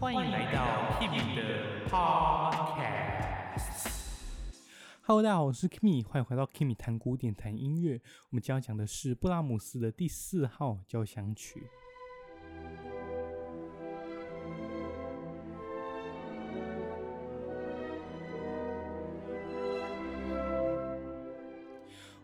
歡迎來到 Kimmy 的 Podcast。Hello，大家好，我是 Kimmy，歡迎回到 Kimmy 談古典談音樂。我們今天要講的是布拉姆斯的第四號交響曲。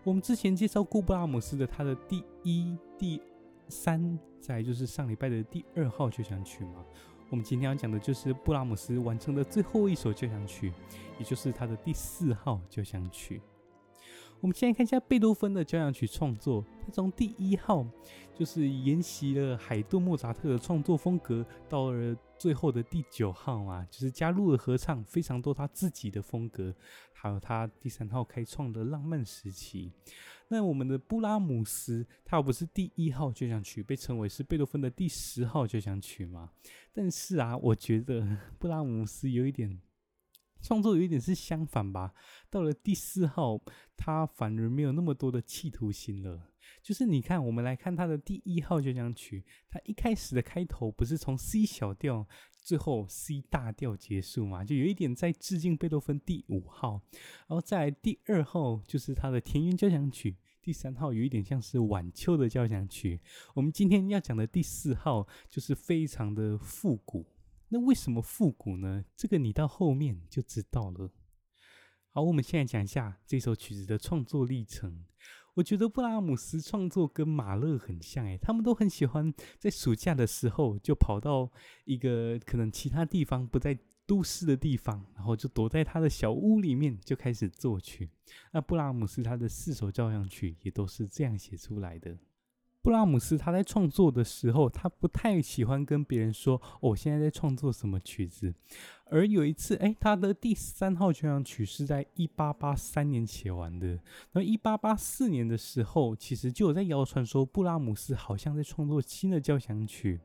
我們之前介紹過布拉姆斯的他的第一、第三，再來就是上禮拜的第二號交響曲嘛。我們今天要講的就是布拉姆斯完成的最後一首交響曲，也就是他的第四號交響曲。我們先來看一下貝多芬的交響曲創作，他從第一號就是沿襲了海頓、莫扎特的創作風格，到了最後的第九號啊，就是加入了合唱，非常多他自己的風格，還有他第三號開創的浪漫時期。那我們的布拉姆斯，他不是第一號交響曲，被稱為是貝多芬的第十號交響曲嘛。但是啊，我覺得布拉姆斯有一點。創作有一點是相反吧，到了第四號，他反而沒有那麼多的企圖心了。就是你看，我們來看他的第一號交響曲，他一開始的開頭不是從 C 小調，最後 C 大調結束嘛？就有一點在致敬貝多芬第五號。然後再來第二號，就是他的田園交響曲。第三號有一點像是晚秋的交響曲。我們今天要講的第四號，就是非常的復古。那為什麼復古呢？這個你到後面就知道了。好，我們現在講一下這首曲子的創作歷程。我覺得布拉姆斯創作跟馬勒很像，誒，他們都很喜歡在暑假的時候就跑到一個可能其他地方不在都市的地方，然後就躲在他的小屋裡面就開始作曲。那布拉姆斯他的四首交響曲也都是這樣寫出來的。布拉姆斯他在創作的時候，他不太喜歡跟別人說我、哦、現在在創作什麼曲子。而有一次，誒，他的第三號交響曲是在一八八三年寫完的。那一八八四年的時候，其實就有在謠傳說布拉姆斯好像在創作新的交響曲。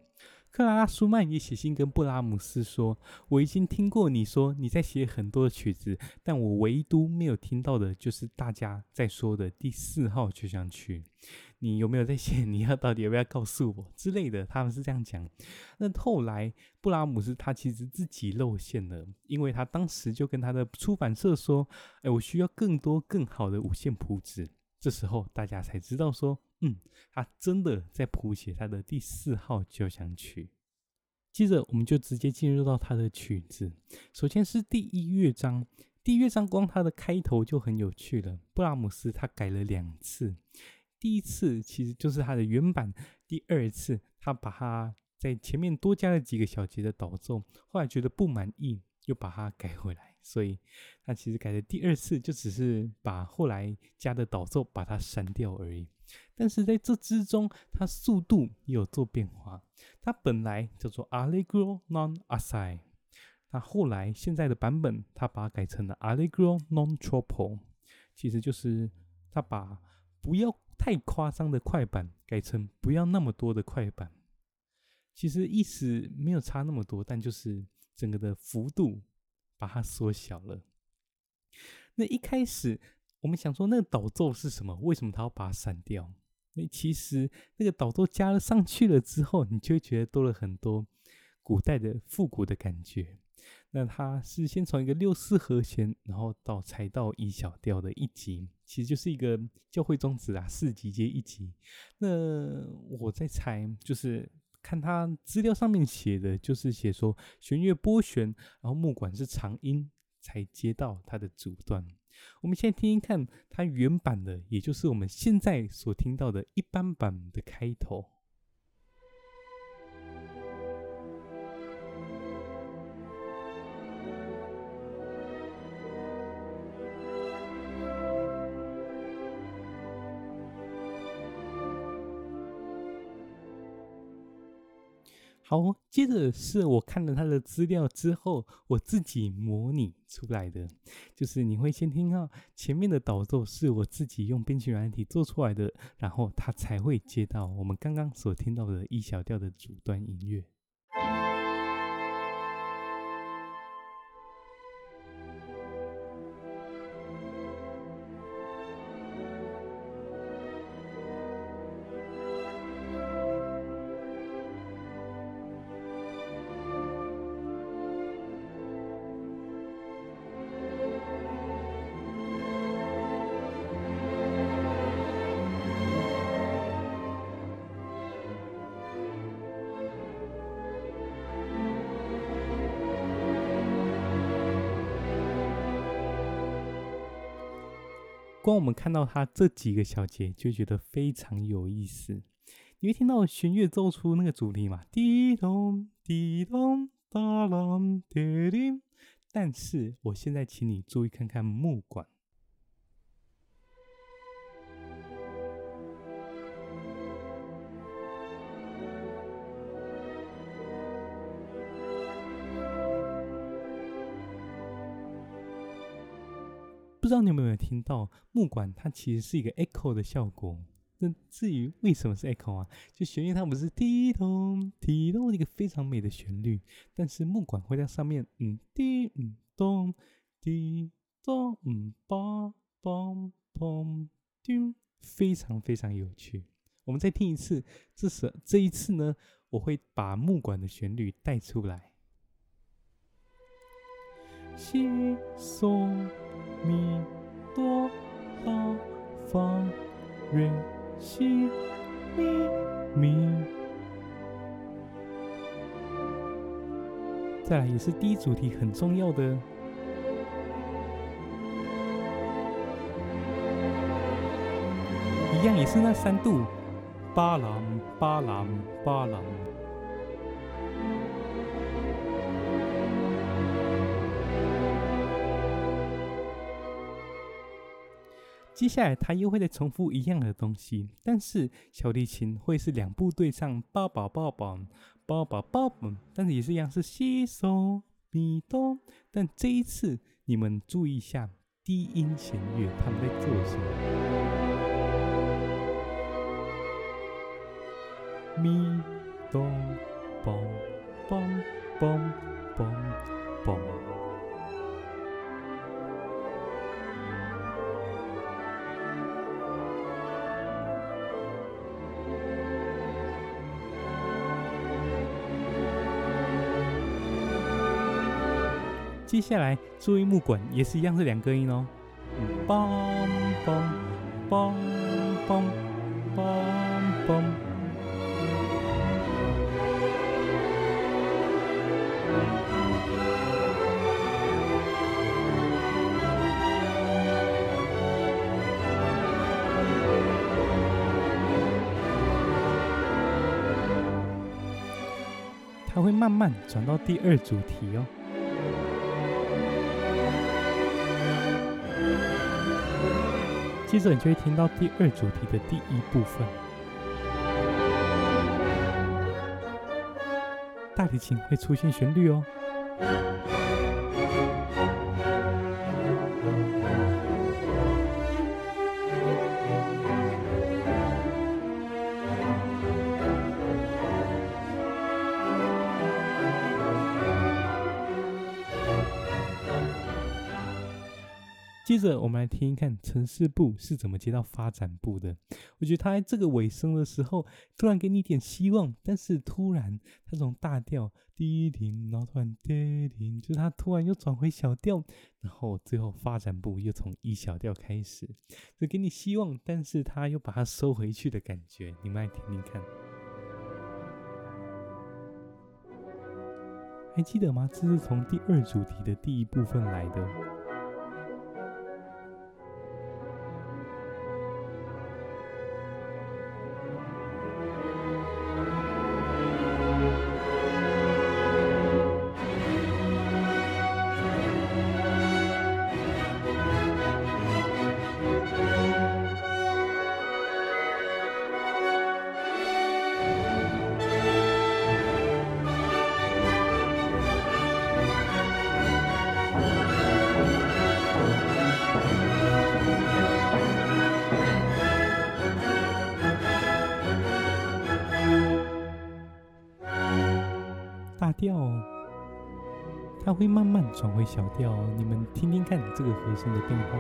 克拉拉·舒曼也寫信跟布拉姆斯說：“我已經聽過你說你在寫很多的曲子，但我唯獨沒有聽到的就是大家在說的第四號交響曲。”你有沒有在寫？你要到底要不要告訴我之類的？他們是這樣講。那後來，布拉姆斯他其實自己露餡了，因為他當時就跟他的出版社說：“欸，我需要更多更好的五線譜紙。”這時候大家才知道說：“嗯，他真的在譜寫他的第四號交響曲。”接着，我們就直接進入到他的曲子。首先是第一樂章，第一樂章光它的開頭就很有趣了。布拉姆斯他改了兩次。第一次其實就是它的原版，第二次他把它在前面多加了幾個小節的導奏，後來覺得不滿意，又把它改回來。所以，他其實改的第二次就只是把後來加的導奏把它刪掉而已。但是在這之中，他速度也有做變化。他本來叫做 Allegro non assai，那後來現在的版本他把它改成了 Allegro non troppo，其實就是他把不要。太誇張的快板改成不要那麼多的快板，其實意思沒有差那麼多，但就是整個的幅度把它縮小了。那一開始我們想說那個導奏是什麼，為什麼它要把它刪掉？那其實那個導奏加了上去了之後，你就會覺得多了很多古代的復古的感覺。那它是先從一個六四和弦，然後到才到 e 小調的一級，其實就是一個教會終止啊，四級接一級。那我在猜，就是看它資料上面寫的，就是寫說弦樂撥弦，然後木管是長音才接到它的主段。我們先聽聽看它原版的，也就是我們現在所聽到的一般版的開頭。好，接着是我看了他的資料之後，我自己模擬出來的，就是你會先聽到前面的導奏，是我自己用編曲軟體做出來的，然後他才會接到我們剛剛所聽到的 E 小調的主段音樂。光我們看到它這幾個小節就覺得非常有意思。你會聽到弦樂奏出那個主題嗎？滴咚滴咚，噠啷滴滴。但是我現在請你注意看看木管。不知道你們有沒有聽到木管，它其實是一個 echo 的效果。那至於為什麼是 echo 啊？就旋律它不是滴咚滴咚一個非常美的旋律，但是木管會在上面嗯滴嗯咚滴咚嗯梆梆梆，叮，嗯叮，非常非常有趣。我們再聽一次，這是這一次呢，我會把木管的旋律帶出來，西嗦咪多拉發瑞西咪咪，再來也是第一主題很重要的，一樣也是那三度，巴朗巴朗巴朗。接下來他又會再重複一樣的東西，但是小提琴會是兩部對唱，bababababab，但是也是一樣是西索米哆，但這一次你們注意一下低音弦樂他們在做什麼，米哆 bom bom 接下來，注意木管也是一樣是兩個音哦。它會慢慢轉到第二主題哦。接着，你就會聽到第二主題的第一部分，大提琴會出現旋律哦。接着，我們來聽一看呈示部是怎麼接到發展部的。我覺得他在這個尾聲的時候，突然給你一點希望，但是突然他從大調低停，然後突然就是他突然又轉回小調，然後最後發展部又從 E 小調開始，就給你希望，但是他又把它收回去的感覺。你們來聽聽看，還記得嗎？這是從第二主題的第一部分來的。大調、哦，它會慢慢轉回小調、哦。你們聽聽看這個和聲的變化。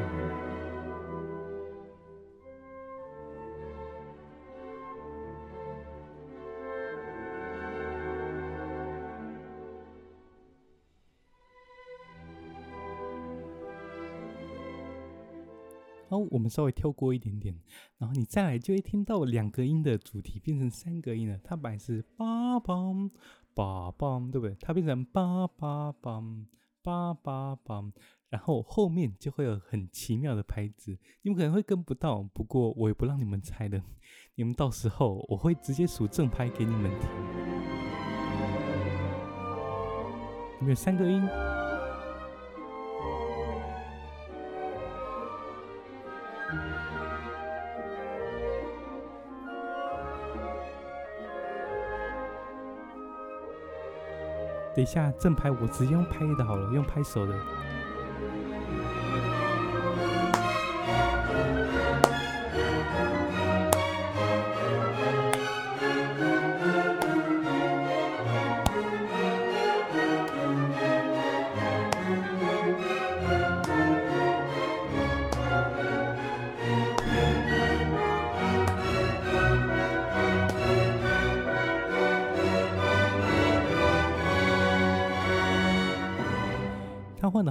好，我們稍微跳過一點點，然後你再來就會聽到兩個音的主題變成三個音了。它本來是。巴邦對不對？它變成巴巴邦、巴巴邦，然後後面就會有很奇妙的拍子，你們可能會跟不到，不過我也不讓你們猜的，你們到時候我會直接數正拍給你們聽。有沒有三個音？等一下正拍，我直接用拍的好了，用拍手的。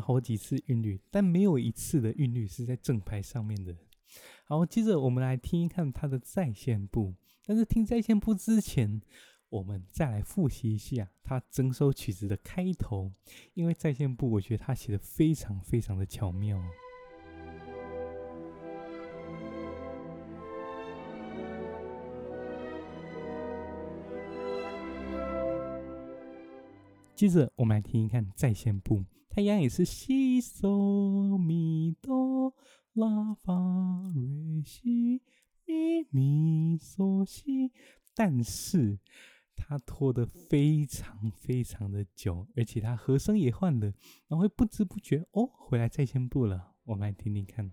好幾次韻律，但沒有一次的韻律是在正拍上面的。好，接着我們來聽一看它的再現部。但是聽再現部之前，我們再來複習一下它整首曲子的開頭，因為再現部我覺得它寫的非常非常的巧妙。接着我們來聽一看再現部。太陽也是西索咪哆拉發瑞西咪咪嗦西，但是它拖得非常非常的久，而且它和聲也換了，然後會不知不覺哦回來再現部了，我們來聽聽看。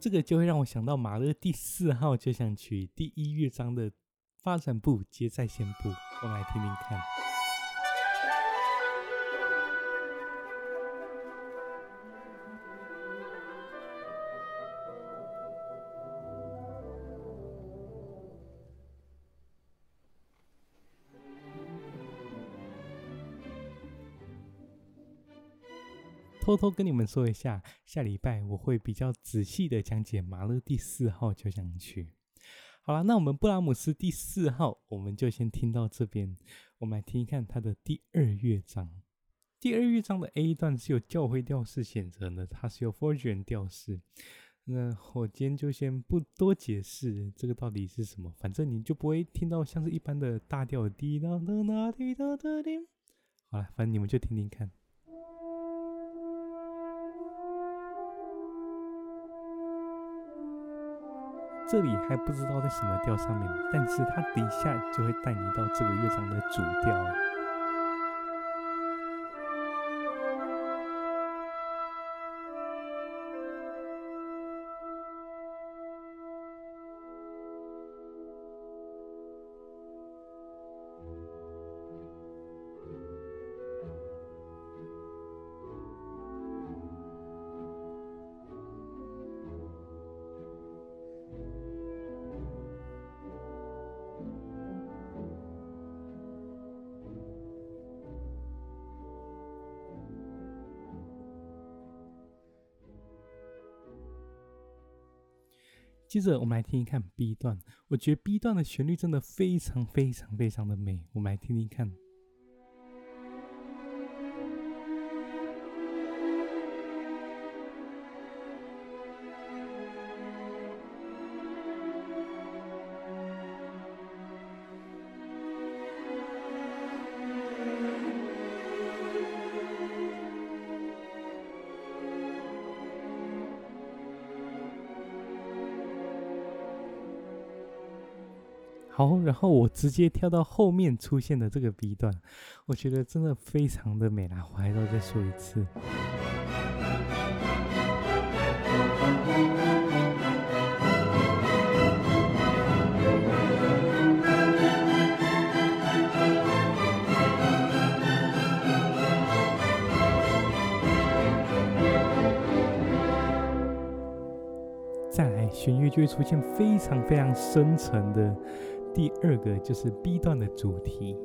這個就會讓我想到馬勒第四號交響曲第一樂章的發展部接再現部，我們來聽聽看。偷偷跟你們說一下，下禮拜我會比較仔細的講解馬勒第四號交響曲。好了，那我們布拉姆斯第四號，我們就先聽到這邊。我們來聽一看它的第二樂章。第二樂章的 A 段是由教會調式選擇的，它是由弗里吉安調式。那我今天就先不多解釋這個到底是什麼，反正你就不會聽到像是一般的大調，滴答噠噠滴答噠噠。好了，反正你們就聽聽看。這裡還不知道在什麼調上面，但是它底下就會帶你到這個樂章的主調。接着我們來聽聽看 B 段，我覺得 B 段的旋律真的非常非常非常的美，我們來聽聽看。好，然後我直接跳到後面出現的這個 B 段，我覺得真的非常的美啦，我還要再說一次。再來，弦樂就會出現非常非常深沉的。第二個就是 B 段的主題。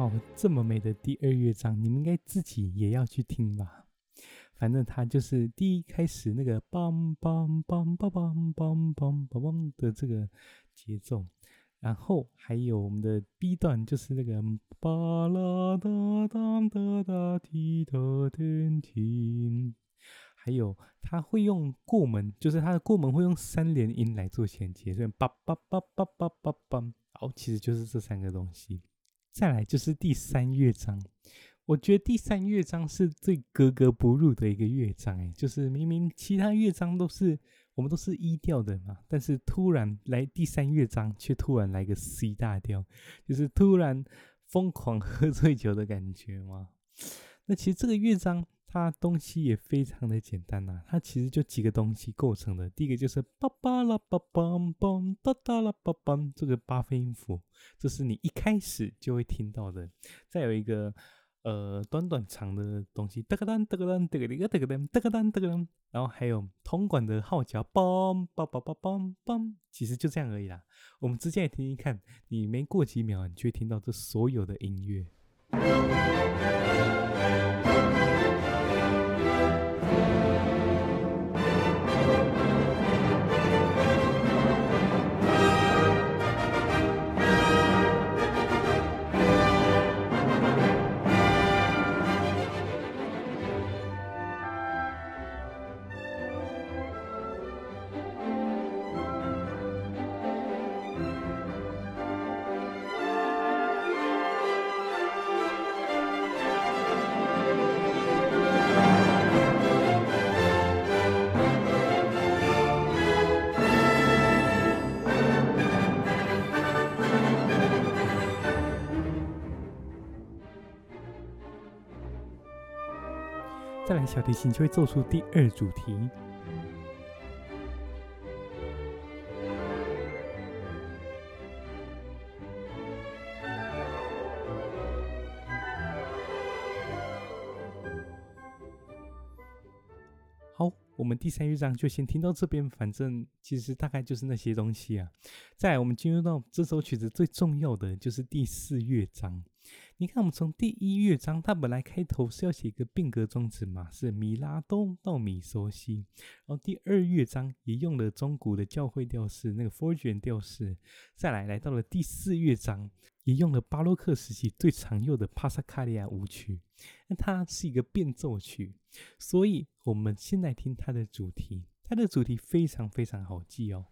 哦，這麼美的第二樂章，你們應該自己也要去聽吧。反正它就是第一開始那個梆梆梆梆梆梆梆梆的這個節奏，然後還有我們的 B 段就是那個巴拉噠噠噠噠滴答滴答，還有他會用過門，就是他的過門會用三連音來做銜接，所以梆梆梆梆梆梆梆，好，其實就是這三個東西。再來就是第三樂章，我覺得第三樂章是最格格不入的一個樂章，欸，誒，就是明明其他樂章都是我們都是 E 調的嘛，但是突然來第三樂章，卻突然來個 C 大調，就是突然瘋狂喝醉酒的感覺嘛。那其實這個樂章。它東西也非常的簡單吶、啊，它其實就幾個東西構成的。第一個就是巴啦巴啦巴啦巴啦，這個八分音符，這是你一開始就會聽到的。再有一個，呃，短短長的東西，噠個噠，噠個噠，噠。然後還有銅管的號角，嘣嘣嘣嘣嘣。其實就這樣而已啦。我們直接來聽聽看，你沒過幾秒，你就會聽到這所有的音樂。小提琴就會奏出第二主題。好，我們第三樂章就先聽到這邊，反正其實大概就是那些東西啊。再來，我們進入到這首曲子最重要的，就是第四樂章。你看，我們從第一樂章，它本來開頭是要寫一個變格終止嘛，是米拉多到米索西。然後第二樂章也用了中古的教會調式，那個 Phrygian 調式。再來來到了第四樂章，也用了巴洛克時期最常用的帕薩卡利亞舞曲。那它是一個變奏曲，所以我們先來聽它的主題。它的主題非常非常好記哦。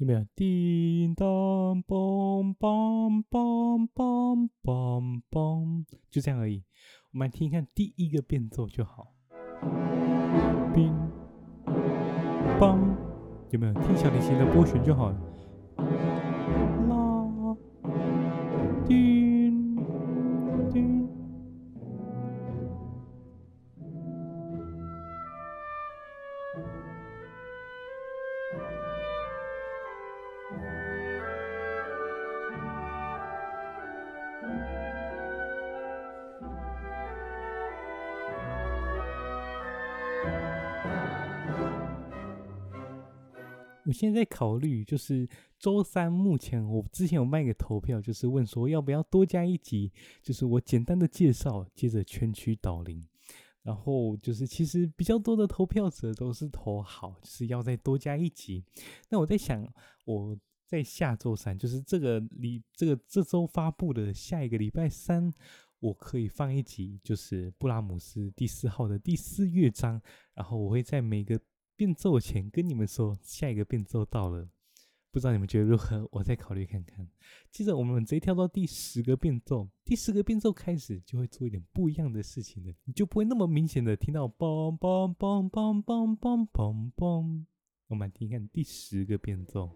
有沒有？叮當，梆梆梆梆梆梆，就這樣而已。我們來聽一看第一個變奏就好。叮梆，有沒有？聽小提琴的撥弦就好了。我現在在考慮，就是周三。目前我之前有辦一個投票，就是問說要不要多加一集，就是我簡單的介紹，接着《全曲導聆》，然後就是其實比較多的投票者都是投好，就是要再多加一集。那我在想，我在下周三，就是這個禮這個這週發布的下一個禮拜三，我可以放一集，就是布拉姆斯第四號的第四樂章，然後我會在每個。變奏前跟你們說，下一個變奏到了，不知道你們覺得如何？我再考慮看看。接着我們直接跳到第十個變奏，第十個變奏開始就會做一點不一樣的事情了，你就不會那麼明顯的聽到嘣嘣嘣嘣嘣嘣嘣。我們來聽一看第十個變奏。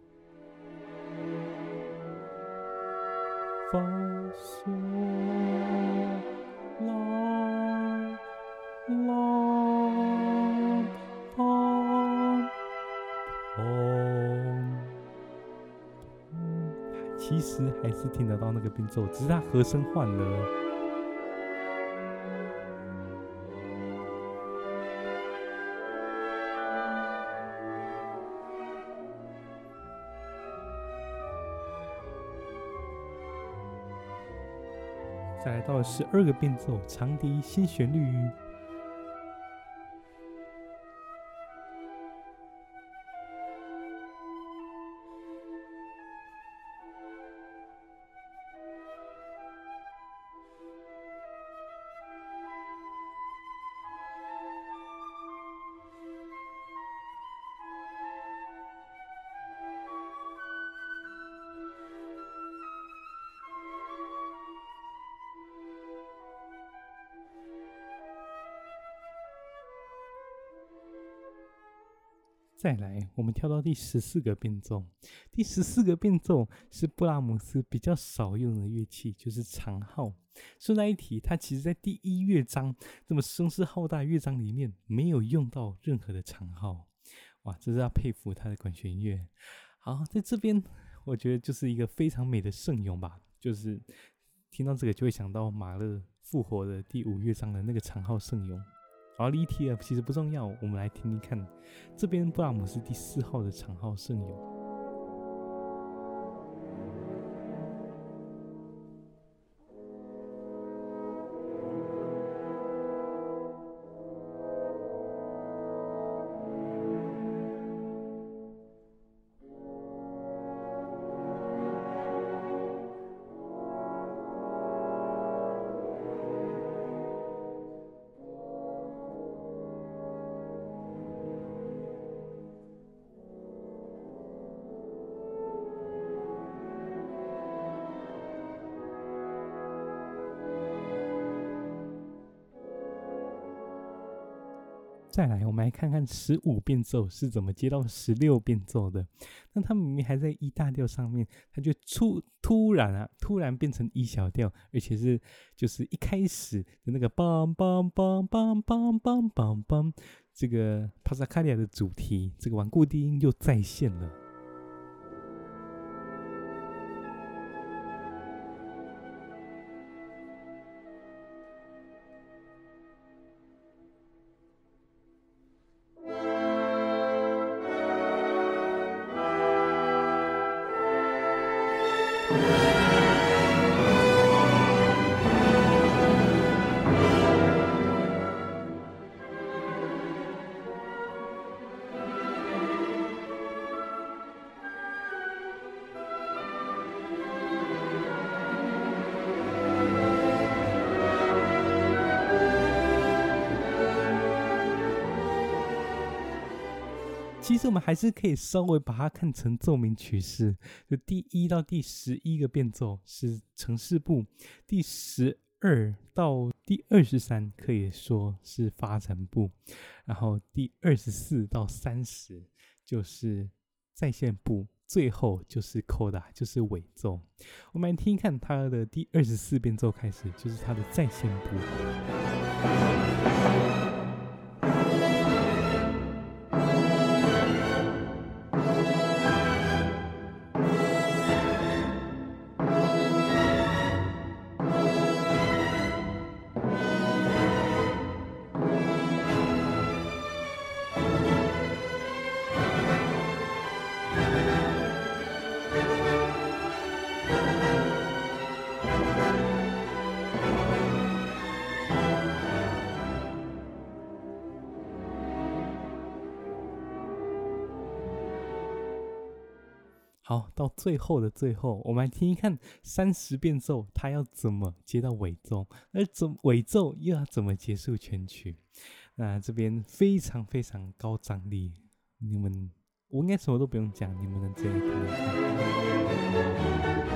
放鬆，啦啦。其實還是聽得到那個變奏，只是他和聲換了。再來到了十二個變奏，長笛新旋律。再來，我們跳到第十四個變奏。第十四個變奏是布拉姆斯比較少用的樂器，就是長號。順帶一提，他其實在第一樂章這麼聲勢浩大樂章裡面沒有用到任何的長號。哇，真是要佩服他的管弦樂。好，在這邊我覺得就是一個非常美的聖詠吧，就是聽到這個就會想到馬勒復活的第五樂章的那個長號聖詠。而 ETF 其實不重要，我們來聽聽看這邊布拉姆斯第四號的長號聖詠。再來，我們來看看十五變奏是怎麼接到十六變奏的。那他明明還在一大調上面，他就突突然啊，突然變成一小調，而且是就是一開始的那個梆梆梆梆梆梆梆梆，這個帕薩卡利亞的主題，這個頑固低音又再現了。這我們還是可以稍微把它看成奏鳴曲式，就第一到第十一個變奏是呈示部，第十二到第二十三可以說是發展部，然後第二十四到三十就是再現部，最後就是 Coda，就是尾奏。我們來聽一看它的第二十四變奏開始，就是它的再現部。最後的最後，我們來聽一看三十變奏，他要怎麼接到尾奏，而怎尾奏又要怎麼結束全曲？那、呃、這邊非常非常高張力，你們我應該什麼都不用講，你們能接。哎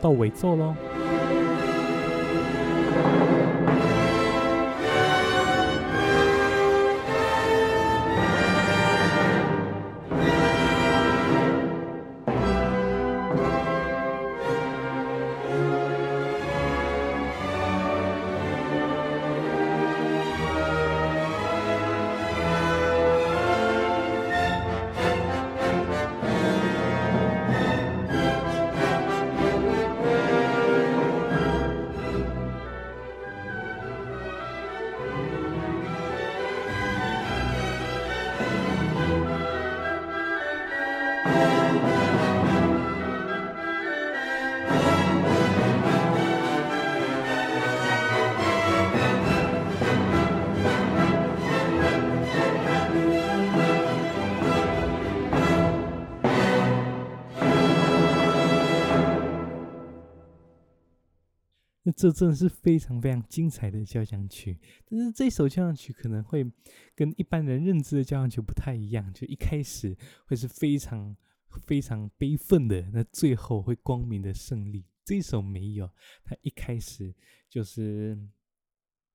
到尾奏嘍。這真的是非常非常精彩的交響曲，但是這首交響曲可能會跟一般人認知的交響曲不太一樣。就一開始會是非常非常悲憤的，那最後會光明的勝利。這首沒有，它一開始就是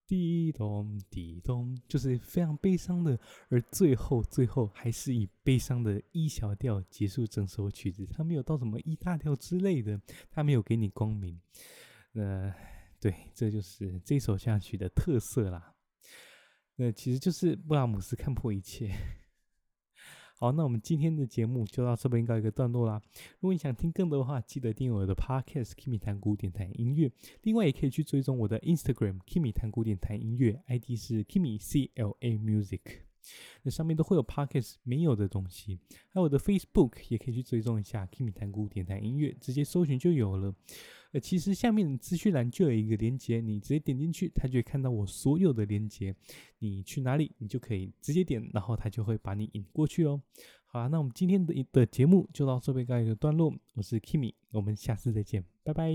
滴咚滴咚，就是非常悲傷的，而最後最後還是以悲傷的 E 小調結束整首曲子。它沒有到什麼 E 大調之類的，它沒有給你光明。那、呃、對，這就是這首交響曲的特色啦。那、呃、其實就是布拉姆斯看破一切。 好，那我們今天的節目就到這邊告一個段落啦。如果你想聽更多的話，記得訂閱我的 Podcast《Kimi 談古典談音樂》。另外，也可以去追蹤我的 Instagram《Kimi 談古典談音樂》，ID 是 KimiCLA Music。那上面都會有 Podcast 沒有的東西。還有我的 Facebook 也可以去追蹤一下《Kimi 談古典談音樂》，直接搜尋就有了。呃，其實下面的資訊欄就有一個連結，你直接點進去，它就會看到我所有的連結。你去哪裡，你就可以直接點，然後它就會把你引過去哦。好啦，那我們今天的的節目就到這邊告一個段落。我是 Kimi，我們下次再見，拜拜。